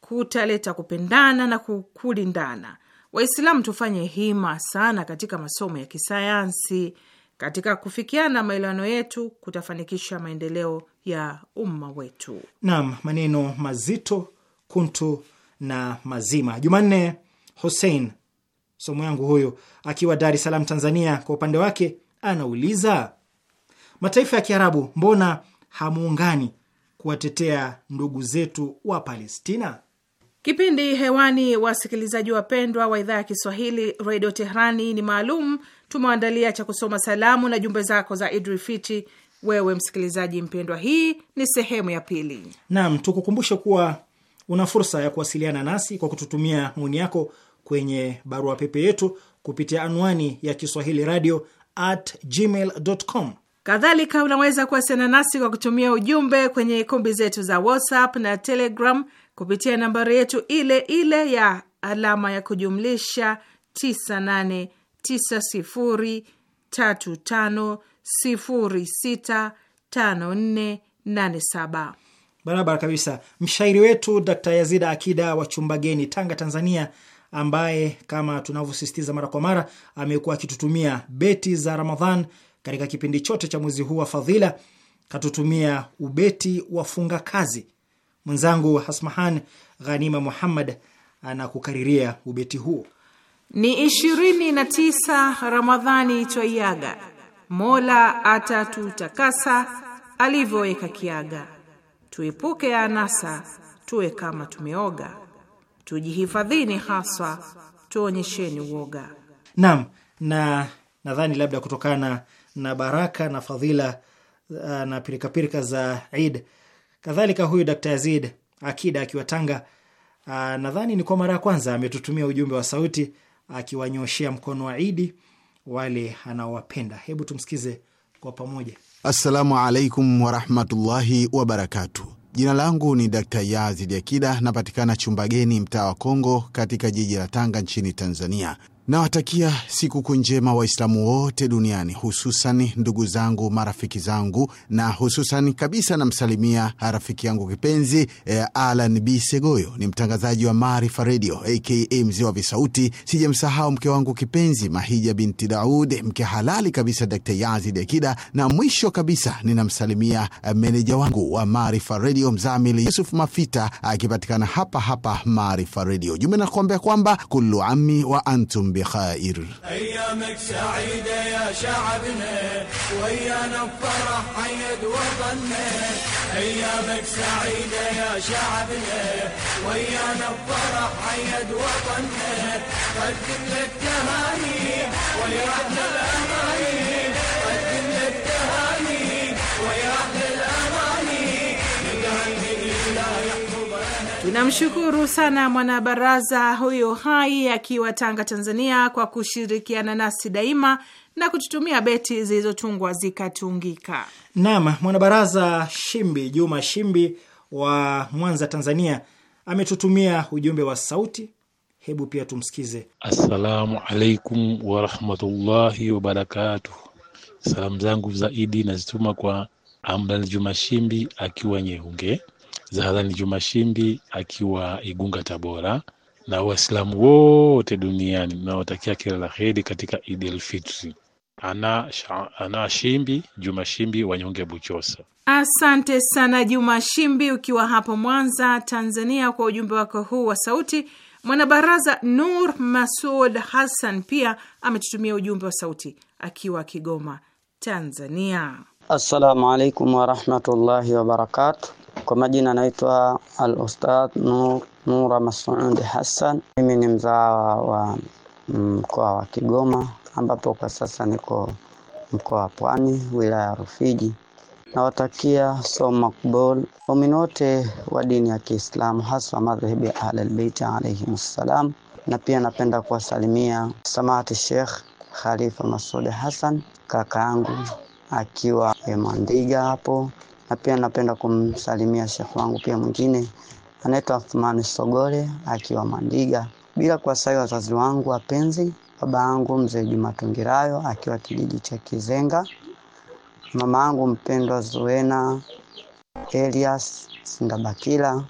kutaleta kupendana na kulindana. Waislamu tufanye hima sana katika masomo ya kisayansi. Katika kufikiana maelewano yetu kutafanikisha maendeleo ya umma wetu. Naam, maneno mazito kuntu na mazima. Jumanne Hussein somo yangu huyu akiwa Dar es Salaam, Tanzania, kwa upande wake anauliza mataifa ya Kiarabu, mbona hamuungani kuwatetea ndugu zetu wa Palestina? Kipindi hewani, wasikilizaji wapendwa wa idhaa ya Kiswahili Redio Tehrani, ni maalum tumewaandalia cha kusoma salamu na jumbe zako za Idrifiti wewe msikilizaji mpendwa, hii ni sehemu ya pili. Naam, tukukumbushe kuwa una fursa ya kuwasiliana nasi kwa kututumia maoni yako kwenye barua pepe yetu kupitia anwani ya Kiswahili radio at com. Kadhalika unaweza kuwasiliana nasi kwa kutumia ujumbe kwenye kumbi zetu za WhatsApp na Telegram kupitia nambari yetu ile ile ya alama ya kujumlisha 989035 065487 barabara kabisa. Mshairi wetu Dr. Yazida Akida wa Chumbageni, Tanga, Tanzania, ambaye kama tunavyosisitiza mara kwa mara amekuwa akitutumia beti za Ramadhan katika kipindi chote cha mwezi huu wa fadhila, katutumia ubeti wa funga kazi. Mwenzangu Hasmahan Ghanima Muhammad anakukariria ubeti huo. Ni ishirini na tisa Ramadhani twaiaga Mola atatutakasa alivyoweka kiaga, tuepuke anasa, tuwe kama tumeoga, tujihifadhini haswa, tuonyesheni uoga. Naam, na nadhani labda kutokana na baraka na fadhila ah, na pirikapirika za Eid, kadhalika huyu Dr. Yazid Akida akiwa Tanga, ah, nadhani ni kwa mara ya kwanza ametutumia ujumbe wa sauti akiwanyoshea mkono wa Idi wale anaowapenda. Hebu tumsikize kwa pamoja. Assalamu alaikum warahmatullahi wabarakatuh. Jina langu ni Dakta Yazid Akida, napatikana Chumbageni, mtaa wa Kongo, katika jiji la Tanga nchini Tanzania. Nawatakia sikukuu njema Waislamu wote duniani, hususan ndugu zangu, marafiki zangu, na hususan kabisa namsalimia rafiki yangu kipenzi eh, Alan B Segoyo, ni mtangazaji wa Maarifa Redio aka mzee wa visauti. Sijemsahau mke wangu kipenzi Mahija binti Daud, mke halali kabisa Dr Yazid Akida, na mwisho kabisa ninamsalimia eh, meneja wangu wa Maarifa Redio Mzamili Yusuf Mafita akipatikana hapa hapa Maarifa Redio. Jumbe nakuambia kwamba kullu ami wa antum بخائر أيامك سعيدة يا شعبنا ويانا بفرح حيد وطننا أيامك سعيدة يا شعبنا ويانا بفرح حيد وطننا قدم لك تهاني ويعدنا الأماني قدم لك تهاني Namshukuru sana mwanabaraza huyo hai akiwa Tanga, Tanzania, kwa kushirikiana nasi daima na kututumia beti zilizotungwa zikatungika. Naam, mwanabaraza Shimbi Juma Shimbi wa Mwanza, Tanzania, ametutumia ujumbe wa sauti. Hebu pia tumsikize. Assalamu alaikum warahmatullahi wabarakatuh. Salamu zangu zaidi nazituma kwa Amran Juma Shimbi akiwa Nyeunge zaharani Juma Shimbi akiwa Igunga, Tabora, na Waislamu wote duniani nawatakia kila la heri katika Eid el Ana, ana Shimbi Juma Shimbi Wanyonge, Buchosa. Asante sana Juma Shimbi ukiwa hapo Mwanza, Tanzania, kwa ujumbe wako huu wa sauti. Mwanabaraza Nur Masud Hassan pia ametutumia ujumbe wa sauti akiwa Kigoma, Tanzania. Assalamu alaikum warahmatullahi wabarakatuh. Kwa majina anaitwa Al-Ustadh Nur, Nura masuudi Hassan. Mimi ni mzawa wa mkoa wa Kigoma ambapo kwa sasa niko mkoa wa Pwani, wilaya ya Rufiji. Nawatakia soma makbul waumini wote wa dini ya Kiislamu, haswa madhehebu ya alaihim alayhimussalam, na pia napenda kuwasalimia samahati Sheikh Khalifa Masudi Hassan kaka yangu akiwa Mandiga hapo na pia napenda kumsalimia shekhe wangu pia mwingine anaitwa Athmani Sogole akiwa Mandiga, bila kuwasahau wazazi wangu wapenzi, baba yangu mzee Juma Tungirayo akiwa kijiji cha Kizenga, mama yangu mpendwa Zuena Elias Singabakila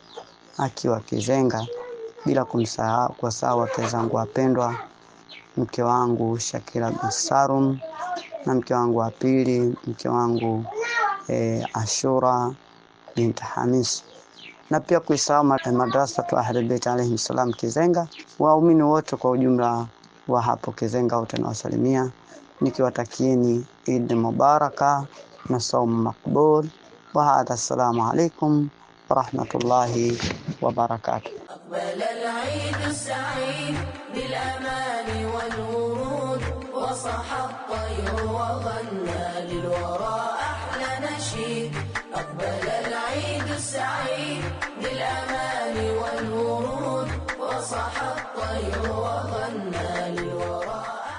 akiwa Kizenga, bila kumsahau kuwasahau wake zangu wapendwa, mke wangu Shakira Gusarum na mke wangu wa pili, mke wangu Eh, Ashura, Binti Hamis na pia kuisahau madrasa tu Ahlul Bait alayhi salam Kizenga. Waumini wote kwa ujumla wa hapo Kizenga wote nawasalimia nikiwatakieni Eid Mubaraka na saum makbul wa hadha. Assalamu alaykum wa rahmatullahi wa barakatuh. nam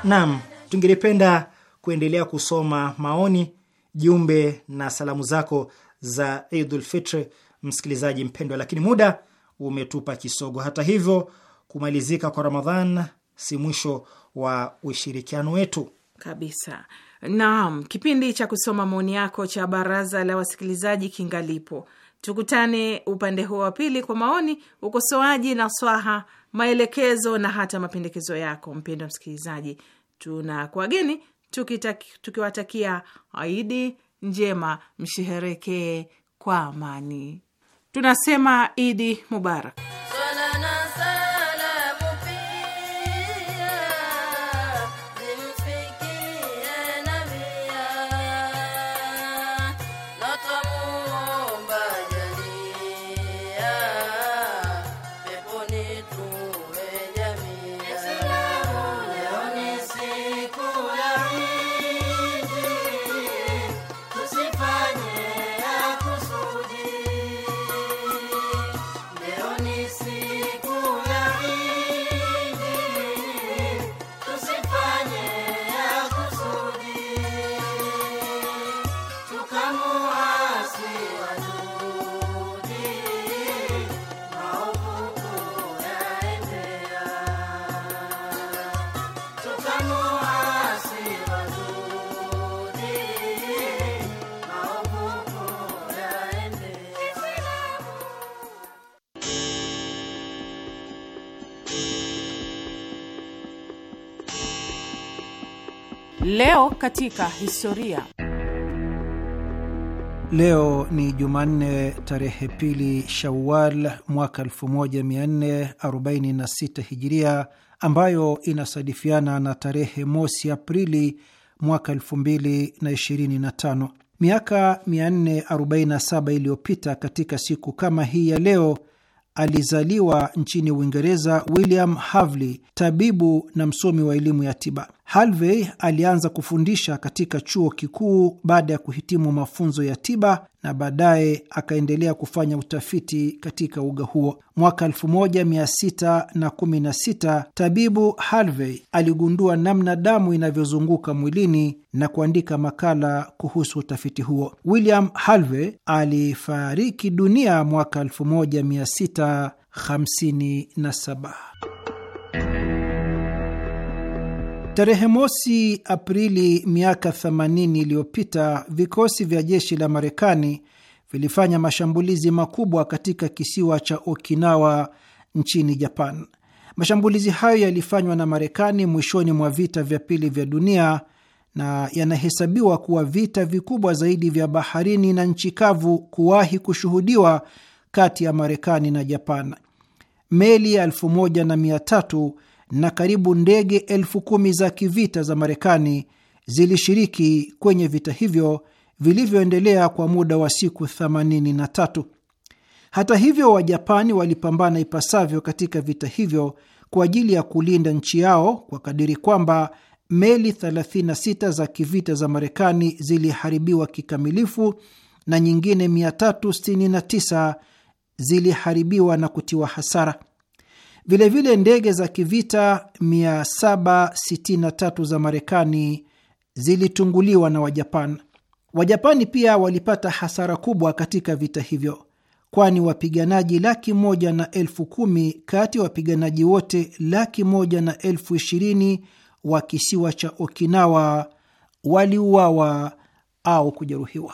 Naam, tungelipenda kuendelea kusoma maoni, jumbe na salamu zako za Idul Fitri, msikilizaji mpendwa, lakini muda umetupa kisogo. Hata hivyo, kumalizika kwa Ramadhan si mwisho wa ushirikiano wetu kabisa. Naam, kipindi cha kusoma maoni yako cha baraza la wasikilizaji kingalipo. Tukutane upande huo wa pili kwa maoni, ukosoaji na swaha, maelekezo na hata mapendekezo yako. Mpendwa msikilizaji, tuna kuwageni tukiwatakia aidi njema, msheherekee kwa amani. Tunasema Idi Mubarak. Leo katika historia. Leo ni Jumanne tarehe pili Shawal mwaka 1446 Hijiria, ambayo inasadifiana na tarehe mosi Aprili mwaka 2025. Miaka 447 iliyopita katika siku kama hii ya leo alizaliwa nchini Uingereza William Havley, tabibu na msomi wa elimu ya tiba. Halvey alianza kufundisha katika chuo kikuu baada ya kuhitimu mafunzo ya tiba na baadaye akaendelea kufanya utafiti katika uga huo. Mwaka 1616 tabibu Halvey aligundua namna damu inavyozunguka mwilini na kuandika makala kuhusu utafiti huo. William Halvey alifariki dunia mwaka 1657. Tarehe mosi Aprili miaka 80 iliyopita vikosi vya jeshi la Marekani vilifanya mashambulizi makubwa katika kisiwa cha Okinawa nchini Japan. Mashambulizi hayo yalifanywa na Marekani mwishoni mwa vita vya pili vya dunia na yanahesabiwa kuwa vita vikubwa zaidi vya baharini na nchi kavu kuwahi kushuhudiwa kati ya Marekani na Japan. Meli elfu moja na mia tatu na karibu ndege elfu kumi za kivita za Marekani zilishiriki kwenye vita hivyo vilivyoendelea kwa muda wa siku 83. Hata hivyo, Wajapani walipambana ipasavyo katika vita hivyo kwa ajili ya kulinda nchi yao kwa kadiri kwamba meli 36 za kivita za Marekani ziliharibiwa kikamilifu na nyingine 369 ziliharibiwa na kutiwa hasara. Vilevile ndege za kivita 763 za Marekani zilitunguliwa na wajapan Wajapani pia walipata hasara kubwa katika vita hivyo, kwani wapiganaji laki moja na elfu kumi kati ya wapiganaji wote laki moja na elfu ishirini wa kisiwa cha Okinawa waliuawa au kujeruhiwa.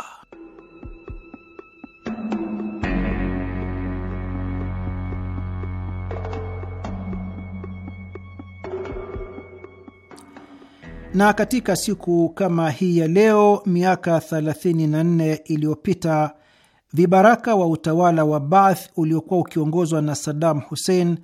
Na katika siku kama hii ya leo miaka 34 iliyopita vibaraka wa utawala wa Baath uliokuwa ukiongozwa na Saddam Hussein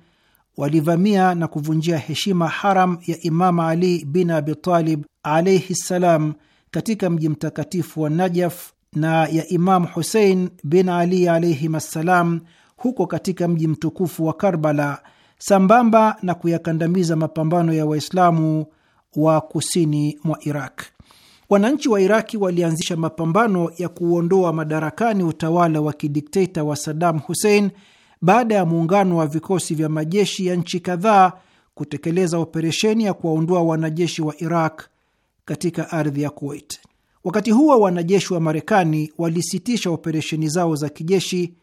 walivamia na kuvunjia heshima haram ya Imam Ali bin Abi Talib alaihi ssalam katika mji mtakatifu wa Najaf na ya Imam Husein bin Ali alaihim assalam huko katika mji mtukufu wa Karbala, sambamba na kuyakandamiza mapambano ya Waislamu wa kusini mwa Iraq. Wananchi wa Iraki walianzisha mapambano ya kuondoa madarakani utawala wa kidikteta wa Saddam Hussein baada ya muungano wa vikosi vya majeshi ya nchi kadhaa kutekeleza operesheni ya kuwaondoa wanajeshi wa Iraq katika ardhi ya Kuwait. Wakati huo wanajeshi wa Marekani walisitisha operesheni zao za kijeshi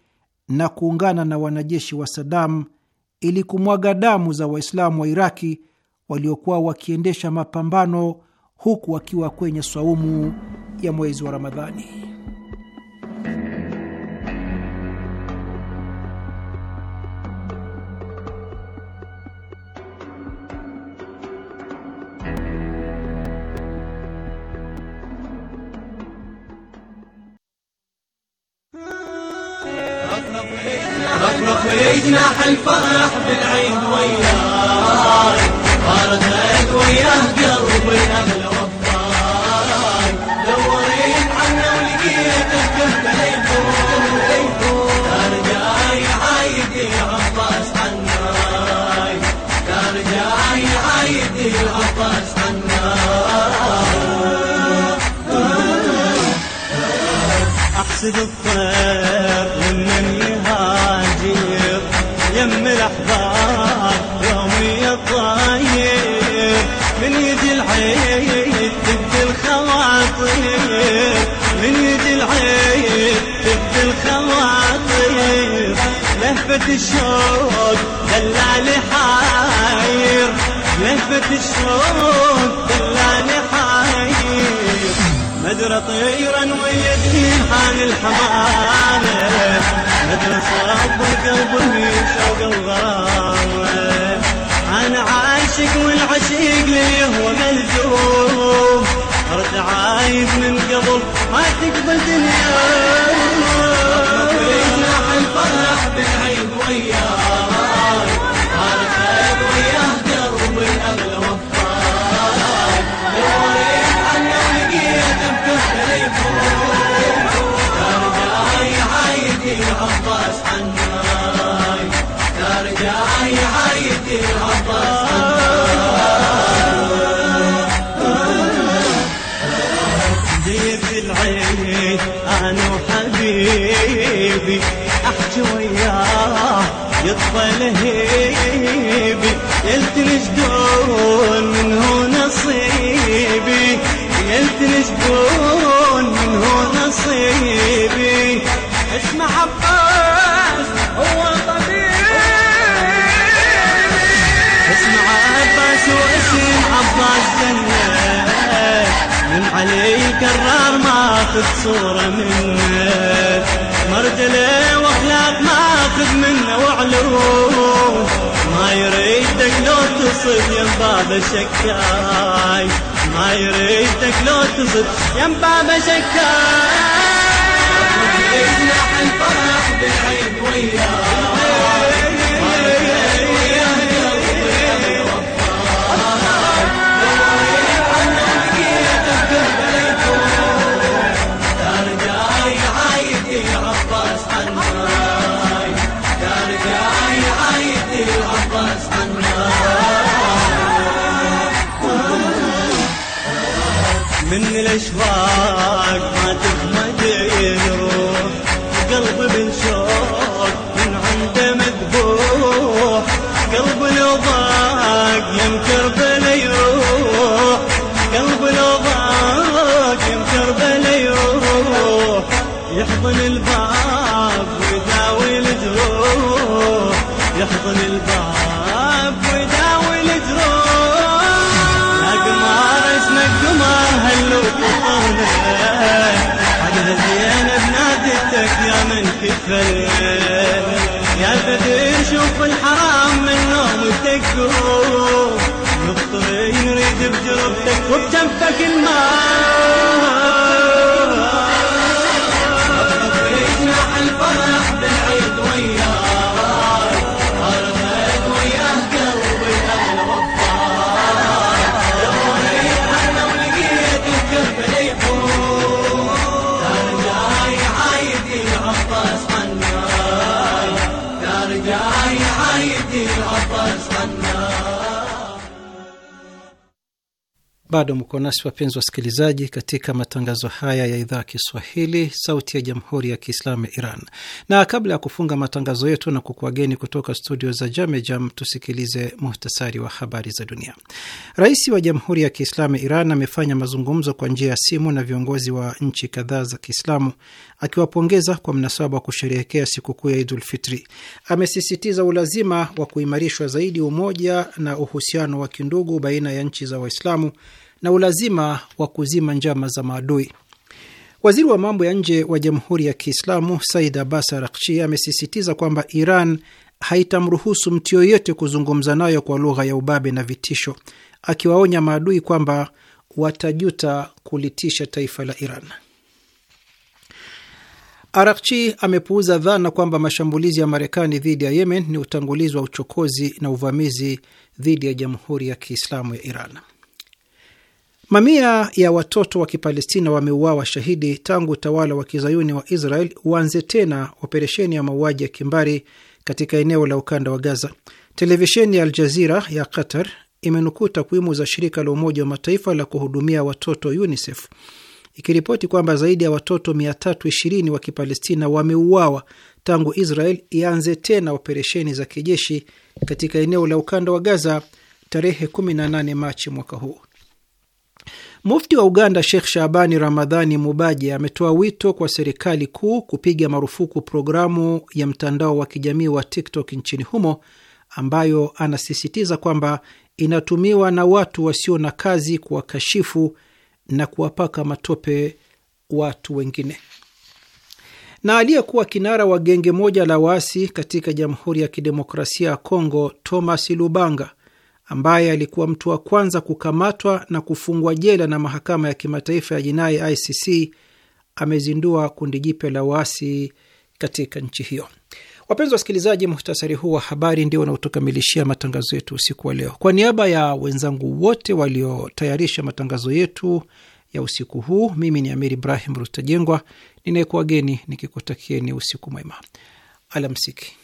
na kuungana na wanajeshi wa Saddam ili kumwaga damu za Waislamu wa Iraki waliokuwa wakiendesha mapambano huku wakiwa kwenye swaumu ya mwezi wa Ramadhani. احسب الطير ومن يهاجر يم الاحباب يومي الطاير من يد العيد تبدي الخواطر من يد العيد تبدي الخواطر لهفة الشوق دلالي حاير لهفة الشوق مدرى طيرا ويدني حان الحمامة مدرى صب القلب في شوق الغرامة أنا عاشق والعشيق لي هو ملزوم أرد عايز من قبل ما تقبل دنيا هاي هبط عناي يا رجاي هاي هبط ضيف العين انا وحبيبي احكي وياه يطفى لهيبي يلتلج دون من هو نصيبي يلتلج دون من هو نصيبي اسمع عباس هو طبيب اسمع عباس واسم عباس جنة من علي كرار ماخذ صورة منه مرجله واخلاق ماخذ منه وعلوم ما يريدك لو تصب يم بابا شكاي ما يريدك لو تصب يم بابا شكاي وياه من الاشواق مكربل يروح قلب لو ضاق مكربل يروح يحضن الباب ويداوي الجروح يحضن الباب ويداوي الجروح يا قمار اسمك قمار هلو حقها زينب بنادتك يا من كفلت يا بدر شوف الحرام من نومك تقوم الطريق يريد بجربتك وبجنبك الماء Bado mko nasi wapenzi wasikilizaji, katika matangazo haya ya idhaa Kiswahili, sauti ya jamhuri ya kiislamu ya Iran. Na kabla ya kufunga matangazo yetu na kukuageni kutoka studio za Jamejam, tusikilize muhtasari wa habari za dunia. Rais wa Jamhuri ya Kiislamu ya Iran amefanya mazungumzo kwa njia ya simu na viongozi wa nchi kadhaa za Kiislamu akiwapongeza kwa mnasaba wa kusherehekea sikukuu ya Idulfitri. Amesisitiza ulazima wa kuimarishwa zaidi umoja na uhusiano wa kindugu baina ya nchi za Waislamu na ulazima wa kuzima njama za maadui. Waziri wa mambo ya nje wa Jamhuri ya Kiislamu Said Abbas Araghchi amesisitiza kwamba Iran haitamruhusu mtu yoyote kuzungumza nayo kwa lugha ya ubabe na vitisho, akiwaonya maadui kwamba watajuta kulitisha taifa la Iran. Arakchi amepuuza dhana kwamba mashambulizi ya Marekani dhidi ya Yemen ni utangulizi wa uchokozi na uvamizi dhidi ya Jamhuri ya Kiislamu ya Iran. Mamia ya watoto wa Kipalestina wameuawa shahidi tangu utawala wa kizayuni wa Israel uanze tena operesheni ya mauaji ya kimbari katika eneo la ukanda wa Gaza. Televisheni ya Aljazira ya Qatar imenukuu takwimu za shirika la Umoja wa Mataifa la kuhudumia watoto UNICEF ikiripoti kwamba zaidi ya watoto 320 wa Kipalestina wameuawa tangu Israel ianze tena operesheni za kijeshi katika eneo la ukanda wa Gaza tarehe 18 Machi mwaka huu. Mufti wa Uganda Sheikh Shabani Ramadhani Mubaje ametoa wito kwa serikali kuu kupiga marufuku programu ya mtandao wa kijamii wa TikTok nchini humo ambayo anasisitiza kwamba inatumiwa na watu wasio na kazi kuwakashifu na kuwapaka matope watu wengine. Na aliyekuwa kinara wa genge moja la waasi katika Jamhuri ya Kidemokrasia ya Kongo, Thomas Lubanga, ambaye alikuwa mtu wa kwanza kukamatwa na kufungwa jela na Mahakama ya Kimataifa ya Jinai ICC, amezindua kundi jipya la waasi katika nchi hiyo. Wapenzi wasikilizaji, muhtasari huu wa habari ndio unaotukamilishia matangazo yetu usiku wa leo. Kwa niaba ya wenzangu wote waliotayarisha matangazo yetu ya usiku huu, mimi ni Amir Ibrahim Rutajengwa ninayekuwageni nikikutakieni usiku mwema, alamsiki.